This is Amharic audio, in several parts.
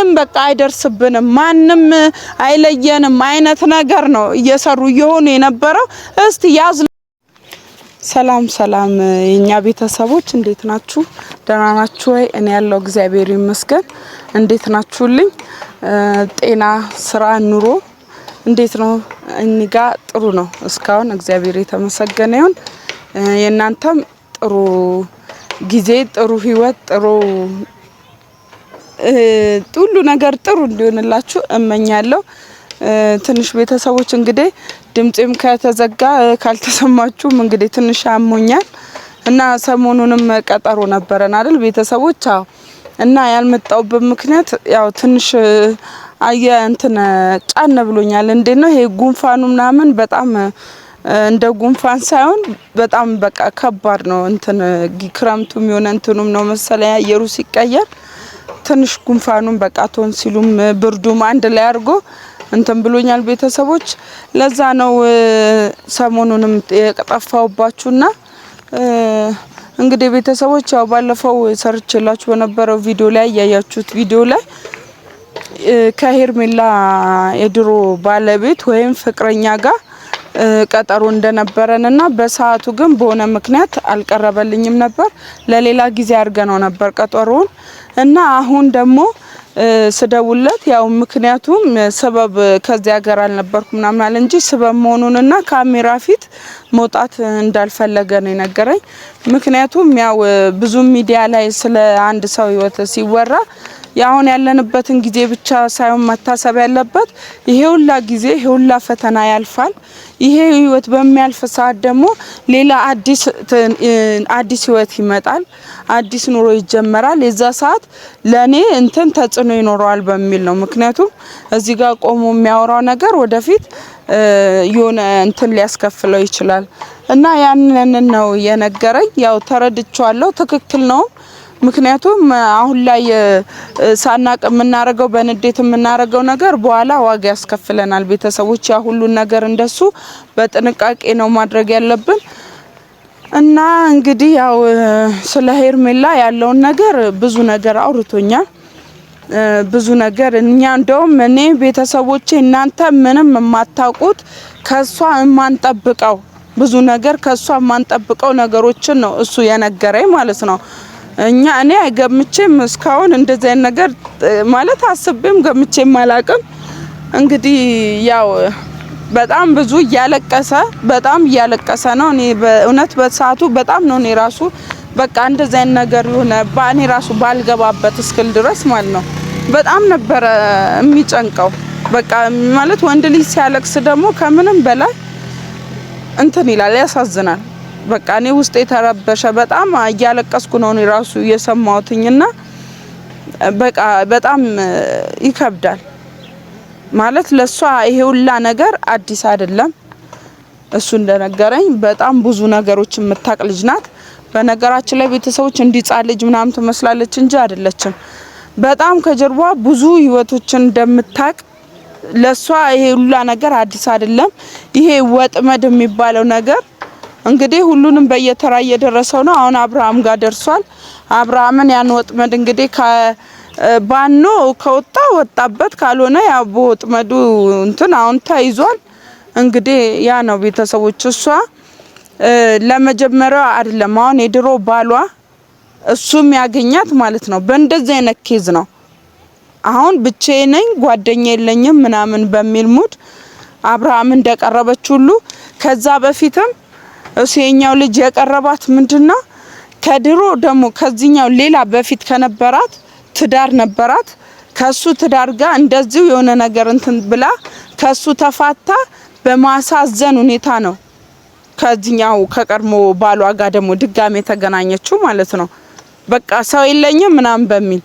ማንም በቃ አይደርስብንም፣ ማንም አይለየንም አይነት ነገር ነው እየሰሩ እየሆኑ የነበረው። እስቲ ያዝ። ሰላም ሰላም፣ የኛ ቤተሰቦች እንዴት ናችሁ? ደህና ናችሁ ወይ? እኔ ያለው እግዚአብሔር ይመስገን። እንዴት ናችሁልኝ? ጤና፣ ስራ፣ ኑሮ እንዴት ነው? እኔ ጋ ጥሩ ነው እስካሁን እግዚአብሔር የተመሰገነ ይሁን። የእናንተም ጥሩ ጊዜ፣ ጥሩ ህይወት፣ ጥሩ ሁሉ ነገር ጥሩ እንዲሆንላችሁ እመኛለሁ። ትንሽ ቤተሰቦች እንግዲህ ድምፄም ከተዘጋ ካልተሰማችሁም እንግዲህ ትንሽ አሞኛል እና ሰሞኑንም ቀጠሮ ነበረን አይደል ቤተሰቦች? አዎ። እና ያልመጣውበት ምክንያት ያው ትንሽ አየ እንትን ጫነ ብሎኛል። እንዴት ነው ይሄ ጉንፋኑ ምናምን በጣም እንደ ጉንፋን ሳይሆን በጣም በቃ ከባድ ነው። እንትን ክረምቱም የሆነ እንትኑም ነው መሰለ አየሩ ሲቀየር ትንሽ ጉንፋኑም በቃ ሲሉም ብርዱም አንድ ላይ አድርጎ እንትን ብሎኛል ቤተሰቦች። ለዛ ነው ሰሞኑንም የጠፋሁባችሁና እንግዲህ ቤተሰቦች ያው ባለፈው ሰርችላችሁ በነበረው ቪዲዮ ላይ ያያችሁት ቪዲዮ ላይ ከሄርሜላ የድሮ ባለቤት ወይም ፍቅረኛ ጋር ቀጠሮ እንደነበረን እና በሰዓቱ ግን በሆነ ምክንያት አልቀረበልኝም ነበር። ለሌላ ጊዜ አድርገነው ነበር ቀጠሮውን እና አሁን ደግሞ ስደውለት ያው ምክንያቱም ስበብ ከዚህ ሀገር አልነበርኩ ምናምን አለ እንጂ ስበብ መሆኑንና ካሜራ ፊት መውጣት እንዳልፈለገ ነው የነገረኝ። ምክንያቱም ያው ብዙ ሚዲያ ላይ ስለ አንድ ሰው ህይወት ሲወራ የአሁን ያለንበትን ጊዜ ብቻ ሳይሆን መታሰብ ያለበት ይሄ ሁላ ጊዜ ይሄ ሁላ ፈተና ያልፋል። ይሄ ህይወት በሚያልፍ ሰዓት ደግሞ ሌላ አዲስ ህይወት ይመጣል፣ አዲስ ኑሮ ይጀመራል። የዛ ሰዓት ለእኔ እንትን ተጽዕኖ ይኖረዋል በሚል ነው። ምክንያቱም እዚህ ጋር ቆሞ የሚያወራው ነገር ወደፊት የሆነ እንትን ሊያስከፍለው ይችላል እና ያንን ነው የነገረኝ። ያው ተረድቼዋለሁ፣ ትክክል ነው። ምክንያቱም አሁን ላይ ሳናቅ የምናረገው በንዴት የምናረገው ነገር በኋላ ዋጋ ያስከፍለናል። ቤተሰቦች ያ ሁሉን ነገር እንደሱ በጥንቃቄ ነው ማድረግ ያለብን እና እንግዲህ ያው ስለ ሄርሜላ ያለውን ነገር ብዙ ነገር አውርቶኛል። ብዙ ነገር እኛ እንደውም እኔ ቤተሰቦቼ እናንተ ምንም የማታውቁት ከሷ የማንጠብቀው ብዙ ነገር ከሷ የማንጠብቀው ነገሮችን ነው እሱ የነገረኝ ማለት ነው። እኛ እኔ አይገምቼም እስካሁን እንደዚህ አይነት ነገር ማለት አስቤም ገምቼም አላቅም። እንግዲህ ያው በጣም ብዙ እያለቀሰ በጣም እያለቀሰ ነው። እኔ በእውነት በሰዓቱ በጣም ነው እኔ ራሱ በቃ እንደዚህ አይነት ነገር የሆነ እኔ ራሱ ባልገባበት እስክል ድረስ ማለት ነው በጣም ነበረ የሚጨንቀው። በቃ ማለት ወንድ ልጅ ሲያለቅስ ደግሞ ከምንም በላይ እንትን ይላል፣ ያሳዝናል። በቃ እኔ ውስጥ የተረበሸ በጣም እያለቀስኩ ነው እኔ ራሱ የሰማሁትኝና በቃ በጣም ይከብዳል። ማለት ለሷ ይሄ ሁላ ነገር አዲስ አይደለም። እሱ እንደነገረኝ በጣም ብዙ ነገሮች የምታቅ ልጅ ናት። በነገራችን ላይ ቤተሰቦች እንዲጻ ልጅ ምናምን ትመስላለች እንጂ አይደለችም። በጣም ከጀርባ ብዙ ህይወቶችን እንደምታቅ ለሷ ይሄ ሁላ ነገር አዲስ አይደለም። ይሄ ወጥመድ የሚባለው ነገር እንግዲህ ሁሉንም በየተራ እየደረሰው ነው። አሁን አብርሃም ጋር ደርሷል። አብርሃምን ያን ወጥመድ እንግዲህ ባኖ ከወጣ ወጣበት፣ ካልሆነ ያ በወጥመዱ እንትን አሁን ተይዟል። እንግዲህ ያ ነው ቤተሰቦች። እሷ ለመጀመሪያ አይደለም አሁን የድሮ ባሏ እሱም ያገኛት ማለት ነው። በእንደዚህ አይነት ኬዝ ነው አሁን ብቻዬ ነኝ ጓደኛ የለኝም ምናምን በሚል ሙድ አብርሃም እንደቀረበች ሁሉ ከዛ በፊትም እሱ የኛው ልጅ የቀረባት ምንድነው ከድሮ ደግሞ ከዚህኛው ሌላ በፊት ከነበራት ትዳር ነበራት። ከሱ ትዳር ጋር እንደዚሁ የሆነ ነገር እንትን ብላ ከሱ ተፋታ በማሳዘን ሁኔታ ነው ከዚህኛው ከቀድሞ ባሏ ጋር ደግሞ ድጋሜ የተገናኘችው ማለት ነው። በቃ ሰው የለኝም ምናምን በሚል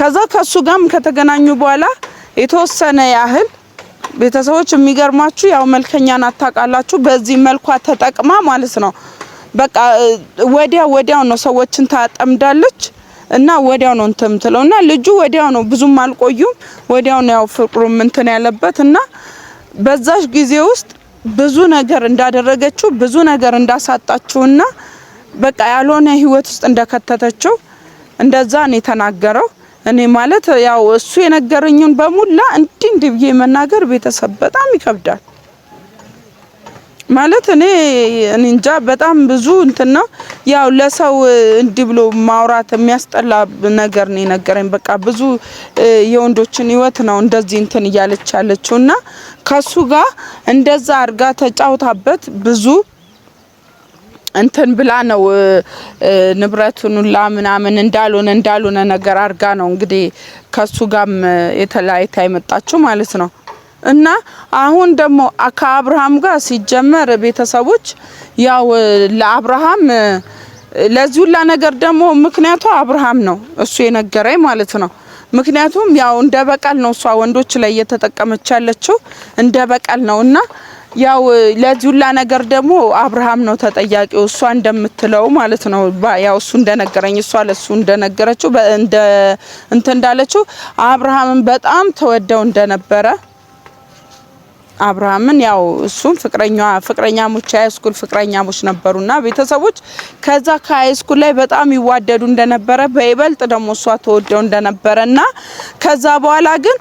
ከዛ ከሱ ጋርም ከተገናኙ በኋላ የተወሰነ ያህል ቤተሰቦች የሚገርማችሁ ያው መልከኛን አታውቃላችሁ። በዚህ መልኳ ተጠቅማ ማለት ነው በቃ ወዲያ ወዲያው ነው ሰዎችን ታጠምዳለች እና ወዲያው ነው እንትን ምትለው እና ልጁ ወዲያው ነው ብዙም አልቆዩም። ወዲያው ነው ያው ፍቅሩም እንትን ያለበት እና በዛሽ ጊዜ ውስጥ ብዙ ነገር እንዳደረገችው ብዙ ነገር እንዳሳጣችውና በቃ ያልሆነ ህይወት ውስጥ እንደከተተችው እንደዛ ነው የተናገረው። እኔ ማለት ያው እሱ የነገረኝን በሙላ እንዲህ እንዲህ ብዬ መናገር ቤተሰብ በጣም ይከብዳል። ማለት እኔ እንጃ በጣም ብዙ እንትና ነው ያው ለሰው እንዲህ ብሎ ማውራት የሚያስጠላ ነገር ነው የነገረኝ። በቃ ብዙ የወንዶችን ህይወት ነው እንደዚህ እንትን እያለች ያለችው እና ከሱ ጋር እንደዛ አድርጋ ተጫውታበት ብዙ እንትን ብላ ነው ንብረቱን ሁላ ምናምን እንዳልሆነ እንዳልሆነ ነገር አድርጋ ነው እንግዲህ ከሱ ጋም የተለያይታ የመጣችው ማለት ነው። እና አሁን ደግሞ ከአብርሃም ጋር ሲጀመር ቤተሰቦች ያው ለአብርሃም ለዚህ ሁላ ነገር ደግሞ ምክንያቱ አብርሃም ነው፣ እሱ የነገረኝ ማለት ነው። ምክንያቱም ያው እንደ በቀል ነው እሷ ወንዶች ላይ እየተጠቀመች ያለችው እንደ በቀል ነው እና ያው ለዚሁላ ነገር ደግሞ አብርሃም ነው ተጠያቂው። እሷ እንደምትለው ማለት ነው። ያው እሱ እንደነገረኝ እሷ ለሱ እንደነገረችው እንደ እንትን እንዳለችው አብርሃምን በጣም ተወደው እንደነበረ አብርሃምን ያው እሱም ፍቅረኛ ፍቅረኛሞች ሃይስኩል ፍቅረኛሞች ነበሩና ቤተሰቦች ከዛ ከሃይስኩል ላይ በጣም ይዋደዱ እንደነበረ በይበልጥ ደግሞ እሷ ተወደው እንደነበረና ከዛ በኋላ ግን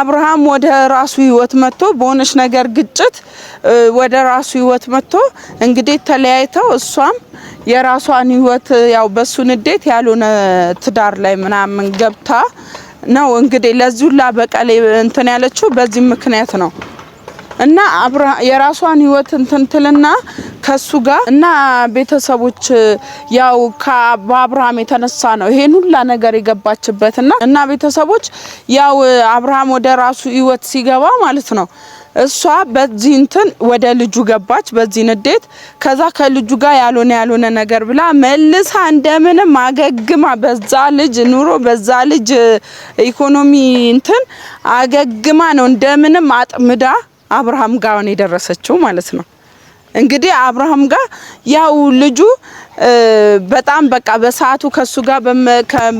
አብርሃም ወደ ራሱ ህይወት መጥቶ በሆነች ነገር ግጭት ወደ ራሱ ህይወት መጥቶ እንግዲህ ተለያይተው እሷም የራሷን ህይወት ያው በሱ ንዴት ያልሆነ ትዳር ላይ ምናምን ገብታ ነው እንግዲህ ለዚሁላ በቀሌ እንትን ያለችው በዚህ ምክንያት ነው። እና አብራ የራሷን ህይወት እንትንትልና ከሱ ጋር እና ቤተሰቦች ያው በአብርሃም የተነሳ ነው ይሄን ሁላ ነገር የገባችበትና እና ቤተሰቦች ያው አብርሃም ወደ ራሱ ህይወት ሲገባ ማለት ነው እሷ በዚህ እንትን ወደ ልጁ ገባች፣ በዚህ ንዴት። ከዛ ከልጁ ጋር ያልሆነ ያልሆነ ነገር ብላ መልሳ እንደምንም አገግማ በዛ ልጅ ኑሮ በዛ ልጅ ኢኮኖሚ እንትን አገግማ ነው እንደምንም አጥምዳ አብርሃም ጋር ነው የደረሰችው ማለት ነው። እንግዲህ አብርሃም ጋር ያው ልጁ በጣም በቃ በሰዓቱ ከሱ ጋር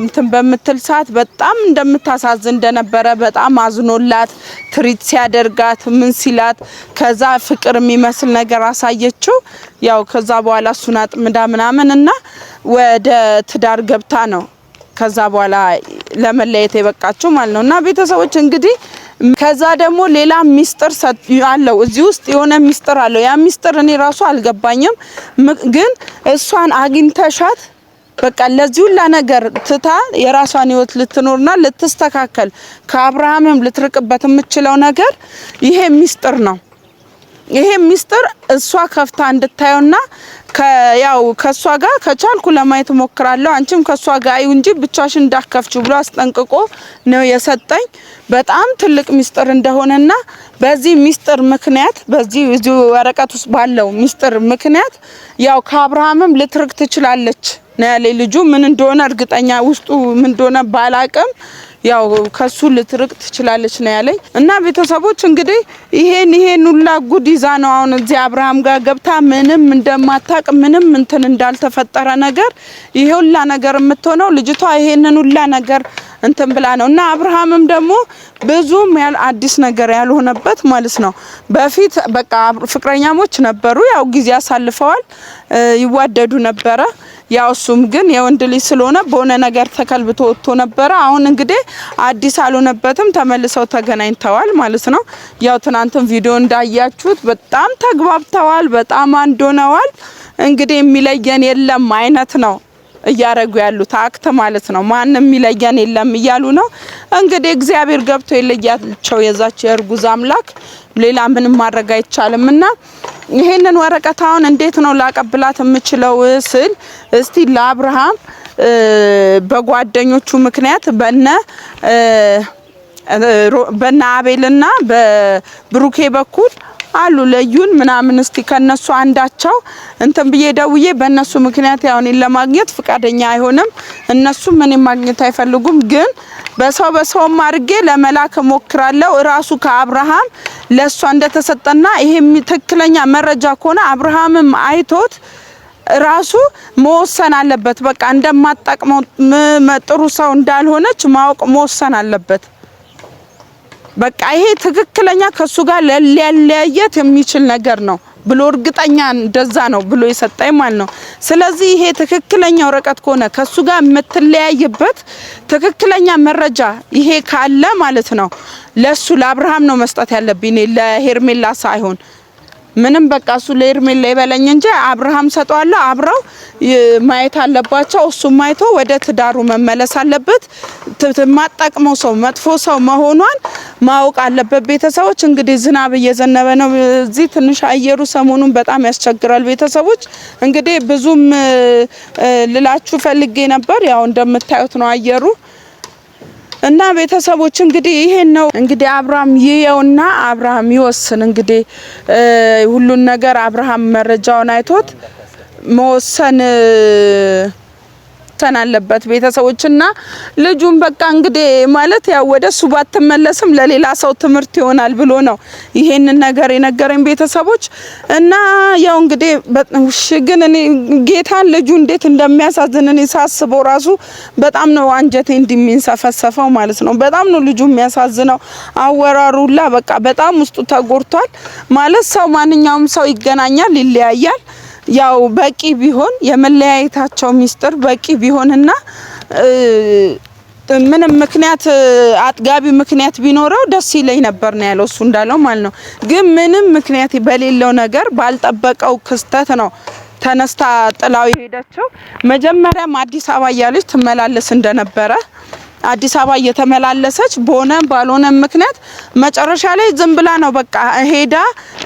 እንትን በምትል ሰዓት በጣም እንደምታሳዝን እንደነበረ በጣም አዝኖላት ትሪት ሲያደርጋት ምን ሲላት ከዛ ፍቅር የሚመስል ነገር አሳየችው። ያው ከዛ በኋላ እሱን አጥምዳ ምናምን እና ወደ ትዳር ገብታ ነው ከዛ በኋላ ለመለየት የበቃችው ማለት ነው እና ቤተሰቦች እንግዲህ ከዛ ደግሞ ሌላ ሚስጥር አለው እዚህ ውስጥ የሆነ ሚስጥር አለው። ያ ሚስጥር እኔ ራሱ አልገባኝም፣ ግን እሷን አግኝተሻት በቃ ለዚህ ሁላ ነገር ትታ የራሷን ህይወት ልትኖርና ልትስተካከል ከአብርሃምም ልትርቅበት የምችለው ነገር ይሄ ሚስጥር ነው። ይሄ ሚስጥር እሷ ከፍታ እንድታየውና ያው ከእሷ ጋር ከቻልኩ ለማየት ሞክራለሁ። አንቺም ከእሷ ጋር አዩ እንጂ ብቻሽን እንዳከፍችው ብሎ አስጠንቅቆ ነው የሰጠኝ። በጣም ትልቅ ሚስጥር እንደሆነና በዚህ ሚስጥር ምክንያት በዚህ እዚህ ወረቀት ውስጥ ባለው ሚስጥር ምክንያት ያው ከአብርሃምም ልትርቅ ትችላለች ነው ያለ ልጁ። ምን እንደሆነ እርግጠኛ ውስጡ ምን እንደሆነ ባላቅም ያው ከሱ ልትርቅ ትችላለች ነው ያለኝ። እና ቤተሰቦች እንግዲህ ይሄን ይሄን ሁላ ጉድ ይዛ ነው አሁን እዚህ አብርሃም ጋር ገብታ ምንም እንደማታቅ ምንም እንትን እንዳልተፈጠረ ነገር ይሄ ሁላ ነገር የምትሆነው ልጅቷ ይሄንን ሁላ ነገር እንትን ብላ ነው እና አብርሃምም ደግሞ ብዙም አዲስ ነገር ያልሆነበት ማለት ነው። በፊት በቃ ፍቅረኛሞች ነበሩ፣ ያው ጊዜ አሳልፈዋል፣ ይዋደዱ ነበረ። ያው እሱም ግን የወንድ ልጅ ስለሆነ በሆነ ነገር ተከልብቶ ወጥቶ ነበረ። አሁን እንግዲህ አዲስ አልሆነበትም፣ ተመልሰው ተገናኝተዋል ማለት ነው። ያው ትናንትም ቪዲዮ እንዳያችሁት በጣም ተግባብተዋል፣ በጣም አንድ ሆነዋል። እንግዲህ የሚለየን የለም አይነት ነው እያረጉ ያሉት አክት ማለት ነው። ማንም ይለየን የለም እያሉ ነው እንግዲህ። እግዚአብሔር ገብቶ የለያቸው የዛች የእርጉዝ አምላክ፣ ሌላ ምንም ማድረግ አይቻልም። እና ይሄንን ወረቀት አሁን እንዴት ነው ላቀብላት የምችለው ስል እስቲ ለአብርሃም በጓደኞቹ ምክንያት በነ በነ አቤልና በብሩኬ በኩል አሉ ለዩን ምናምን እስቲ ከነሱ አንዳቸው እንትን ብዬ ደውዬ በእነሱ ምክንያት ያው እኔን ለማግኘት ፍቃደኛ አይሆንም፣ እነሱ ምን ማግኘት አይፈልጉም። ግን በሰው በሰውም አድርጌ ለመላክ ሞክራለሁ እራሱ ከአብርሃም ለእሷ እንደተሰጠና ይሄም ትክክለኛ መረጃ ከሆነ አብርሃምም አይቶት ራሱ መወሰን አለበት። በቃ እንደማትጠቅመው ጥሩ ሰው እንዳልሆነች ማወቅ መወሰን አለበት። በቃ ይሄ ትክክለኛ ከሱ ጋር ሊያለያየት የሚችል ነገር ነው ብሎ እርግጠኛ እንደዛ ነው ብሎ የሰጠኝ ማለት ነው። ስለዚህ ይሄ ትክክለኛ ወረቀት ከሆነ ከሱ ጋር የምትለያይበት ትክክለኛ መረጃ ይሄ ካለ ማለት ነው ለሱ ለአብርሃም ነው መስጠት ያለብኝ ለሄርሜላ ሳይሆን ምንም በቃ እሱ ለኤርሜላ በለኝ እንጂ አብርሃም ሰጠዋለሁ። አብረው ማየት አለባቸው። እሱም አይቶ ወደ ትዳሩ መመለስ አለበት። ማጠቅመው ሰው መጥፎ ሰው መሆኗን ማወቅ አለበት። ቤተሰቦች እንግዲህ ዝናብ እየዘነበ ነው። እዚህ ትንሽ አየሩ ሰሞኑን በጣም ያስቸግራል። ቤተሰቦች እንግዲህ ብዙም ልላችሁ ፈልጌ ነበር። ያው እንደምታዩት ነው አየሩ እና ቤተሰቦች እንግዲህ ይሄን ነው እንግዲህ አብርሃም ይየውና አብርሃም ይወስን። እንግዲህ ሁሉን ነገር አብርሃም መረጃውን አይቶት መወሰን መተን አለበት ቤተሰቦችና ልጁን በቃ እንግዲህ ማለት ያው ወደ እሱ ባትመለስም ለሌላ ሰው ትምህርት ይሆናል ብሎ ነው ይሄንን ነገር የነገረኝ ቤተሰቦች እና ያው እንግዲህ ግን እኔ ጌታን ልጁ እንዴት እንደሚያሳዝን እኔ ሳስበው ራሱ በጣም ነው አንጀቴ እንደሚንሰፈሰፈው ማለት ነው። በጣም ነው ልጁ የሚያሳዝነው። አወራሩላ በቃ በጣም ውስጡ ተጎድቷል ማለት ሰው ማንኛውም ሰው ይገናኛል፣ ይለያያል። ያው በቂ ቢሆን የመለያየታቸው ሚስጥር በቂ ቢሆንና ምንም ምክንያት አጥጋቢ ምክንያት ቢኖረው ደስ ይለኝ ነበር ነው ያለው። እሱ እንዳለው ማለት ነው። ግን ምንም ምክንያት በሌለው ነገር ባልጠበቀው ክስተት ነው ተነስታ ጥላው ሄደችው። መጀመሪያም አዲስ አበባ እያለች ትመላለስ እንደነበረ አዲስ አበባ እየተመላለሰች በሆነ ባልሆነ ምክንያት መጨረሻ ላይ ዝም ብላ ነው በቃ ሄዳ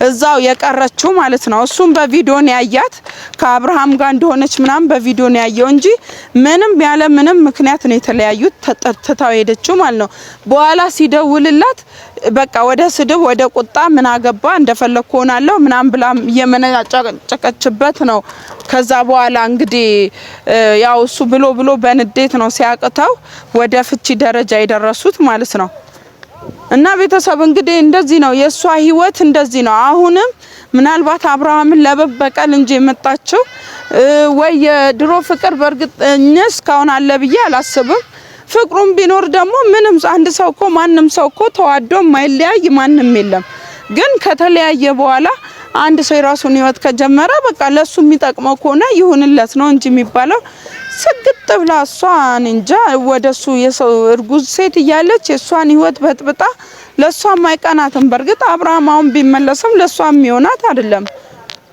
እዛው የቀረችው ማለት ነው። እሱም በቪዲዮን ያያት ከአብርሃም ጋር እንደሆነች ምናምን ነው ያየው እንጂ ምንም ያለ ምንም ምክንያት ነው የተለያዩት። ተጠርትታው ሄደችው ማለት ነው። በኋላ ሲደውልላት በቃ ወደ ስድብ ወደ ቁጣ ምን አገባ እንደፈለግኩ ሆናለሁ ምናምን ብላ እየመነጫጨቀችበት ነው። ከዛ በኋላ እንግዲህ ያው እሱ ብሎ ብሎ በንዴት ነው ሲያቅተው ወደ ፍቺ ደረጃ የደረሱት ማለት ነው። እና ቤተሰብ እንግዲህ እንደዚህ ነው የእሷ ህይወት እንደዚህ ነው። አሁንም ምናልባት አብርሃምን ለመበቀል እንጂ የመጣችው ወይ የድሮ ፍቅር በእርግጠኛ እስካሁን አለ ብዬ አላስብም። ፍቅሩም ቢኖር ደግሞ ምንም አንድ ሰው እኮ ማንም ሰው እኮ ተዋዶ ማይለያይ ማንም የለም። ግን ከተለያየ በኋላ አንድ ሰው የራሱን ህይወት ከጀመረ በቃ ለሱ የሚጠቅመው ከሆነ ይሁንለት ነው እንጂ የሚባለው ስግጥ ብላ እሷን እንጃ ወደሱ የሰው እርጉዝ ሴት እያለች የእሷን ህይወት በጥብጣ ለእሷ ማይቀናትን። በእርግጥ አብርሃም አሁን ቢመለስም ለእሷ የሚሆናት አይደለም።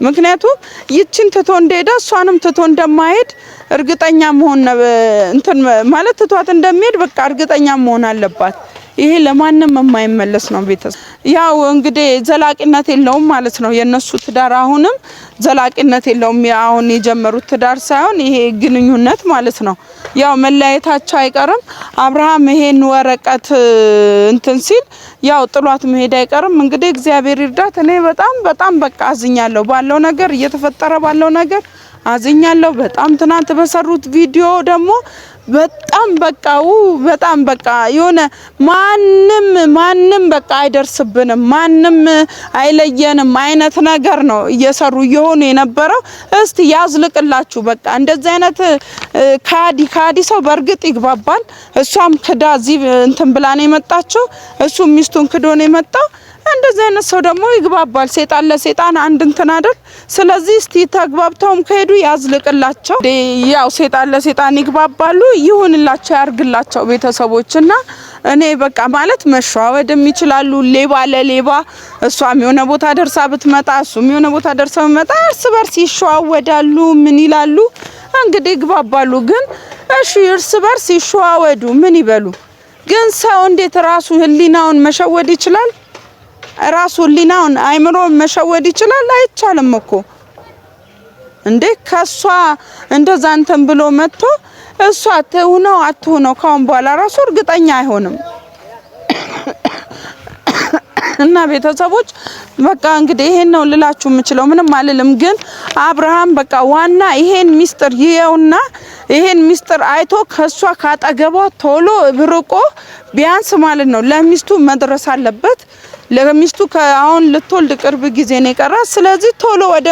ምክንያቱም ይችን ትቶ እንደሄደ እሷንም ትቶ እንደማይሄድ እርግጠኛ መሆን እንትን ማለት ትቷት እንደሚሄድ በቃ እርግጠኛ መሆን አለባት። ይሄ ለማንም የማይመለስ ነው። ቤተሰብ ያው እንግዲህ ዘላቂነት የለውም ማለት ነው። የነሱ ትዳር አሁንም ዘላቂነት የለውም። አሁን የጀመሩት ትዳር ሳይሆን ይሄ ግንኙነት ማለት ነው። ያው መለያየታቸው አይቀርም። አብርሃም ይሄን ወረቀት እንትን ሲል ያው ጥሏት መሄድ አይቀርም። እንግዲህ እግዚአብሔር ይርዳት። እኔ በጣም በጣም በቃ አዝኛለሁ ባለው ነገር እየተፈጠረ ባለው ነገር አዝኛለሁ በጣም ትናንት በሰሩት ቪዲዮ ደግሞ በጣም በቃው በጣም በቃ የሆነ ማንም ማንም በቃ አይደርስብንም፣ ማንም አይለየንም አይነት ነገር ነው እየሰሩ እየሆኑ የነበረው። እስቲ ያዝልቅላችሁ። በቃ እንደዚህ አይነት ካዲ ካዲ ሰው በእርግጥ ይግባባል። እሷም ክዳ እዚህ እንትን ብላ ነው የመጣችው፣ እሱም ሚስቱን ክዶ ነው የመጣው። እንደዚህ አይነት ሰው ደግሞ ይግባባል። ሴጣን ለሴጣን አንድ እንትን አይደል? ስለዚህ እስቲ ተግባብተውም ከሄዱ ያዝልቅላቸው። ያው ሴጣን ለሴጣን ይግባባሉ፣ ይሁንላቸው፣ ያርግላቸው ቤተሰቦች እና እኔ በቃ ማለት መሸዋወድም ይችላሉ። ሌባ ለሌባ እሷም የሆነ ቦታ ደርሳ ብትመጣ እሱም የሆነ ቦታ ደርሳ ብትመጣ እርስ በርስ ይሸዋወዳሉ። ምን ይላሉ እንግዲህ ይግባባሉ። ግን እሺ እርስ በርስ ይሸዋወዱ ምን ይበሉ። ግን ሰው እንዴት ራሱ ህሊናውን መሸወድ ይችላል? ራሱ ህሊናውን አይምሮ መሸወድ ይችላል። አይቻልም እኮ እንዴ ከሷ እንደዛ እንትን ብሎ መጥቶ እሷ ትሁነው አትሁነው ካሁን በኋላ ራሱ እርግጠኛ አይሆንም። እና ቤተሰቦች በቃ እንግዲህ ይሄን ነው ልላችሁ የምችለው። ምንም አልልም። ግን አብርሃም በቃ ዋና ይሄን ሚስጥር ይየውና ይሄን ሚስጥር አይቶ ከሷ ካጠገቧ ቶሎ ብርቆ ቢያንስ ማለት ነው ለሚስቱ መድረስ አለበት። ለሚስቱ አሁን ልትወልድ ቅርብ ጊዜ ነው የቀራ። ስለዚህ ቶሎ ወደ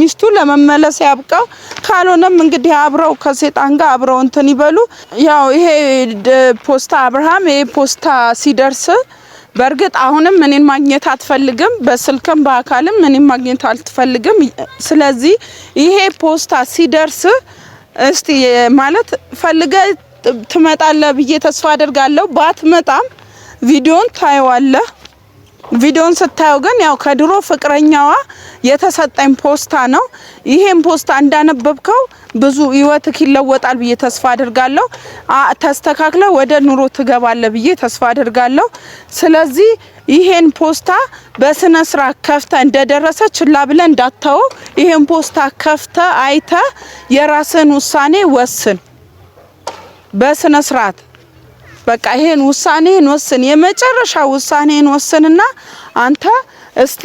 ሚስቱ ለመመለስ ያብቃው። ካልሆነም እንግዲህ አብረው ከሴጣን ጋር አብረው እንትን ይበሉ። ያው ይሄ ፖስታ አብርሃም ይሄ ፖስታ ሲደርስ በእርግጥ አሁንም እኔን ማግኘት አትፈልግም፣ በስልክም በአካልም እኔን ማግኘት አትፈልግም። ስለዚህ ይሄ ፖስታ ሲደርስ እስቲ ማለት ፈልገ ትመጣለ ብዬ ተስፋ አደርጋለሁ። ባትመጣም ቪዲዮን ታየዋለህ። ቪዲዮን ስታየው ግን ያው ከድሮ ፍቅረኛዋ የተሰጠኝ ፖስታ ነው። ይሄን ፖስታ እንዳነበብከው ብዙ ህይወትህ ይለወጣል ብዬ ተስፋ አድርጋለሁ። ተስተካክለ ወደ ኑሮ ትገባለ ብዬ ተስፋ አድርጋለሁ። ስለዚህ ይሄን ፖስታ በስነ ስርዓት ከፍተ እንደደረሰ ችላ ብለ እንዳታው። ይሄን ፖስታ ከፍተ አይተ የራስን ውሳኔ ወስን በስነ ስርዓት በቃ ይሄን ውሳኔህን ወስን፣ የመጨረሻ ውሳኔህን ወስንና አንተ እስቲ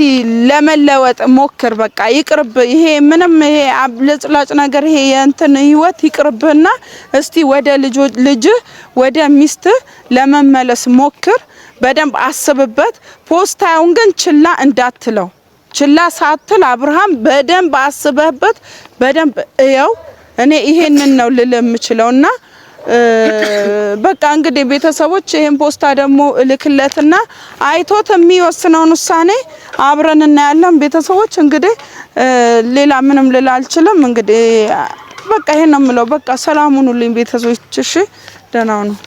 ለመለወጥ ሞክር። በቃ ይቅርብ፣ ይሄ ምንም ይሄ አብለጭላጭ ነገር ይሄ የእንትን ህይወት ይቅርብና እስቲ ወደ ልጅህ ወደ ሚስትህ ለመመለስ ሞክር። በደንብ አስብበት። ፖስታውን ግን ችላ እንዳትለው፣ ችላ ሳትል አብርሃም በደንብ አስበህበት፣ በደንብ እየው። እኔ ይሄንን ነው ልል የምችለውና በቃ እንግዲህ ቤተሰቦች ይህን ፖስታ ደግሞ እልክለትና አይቶት የሚወስነውን ውሳኔ አብረን እናያለን። ቤተሰቦች እንግዲህ ሌላ ምንም ልል አልችልም። እንግዲህ በቃ ይሄን ነው የምለው። በቃ ሰላም ሁኑልኝ ቤተሰቦች። እሺ ደህና ነው።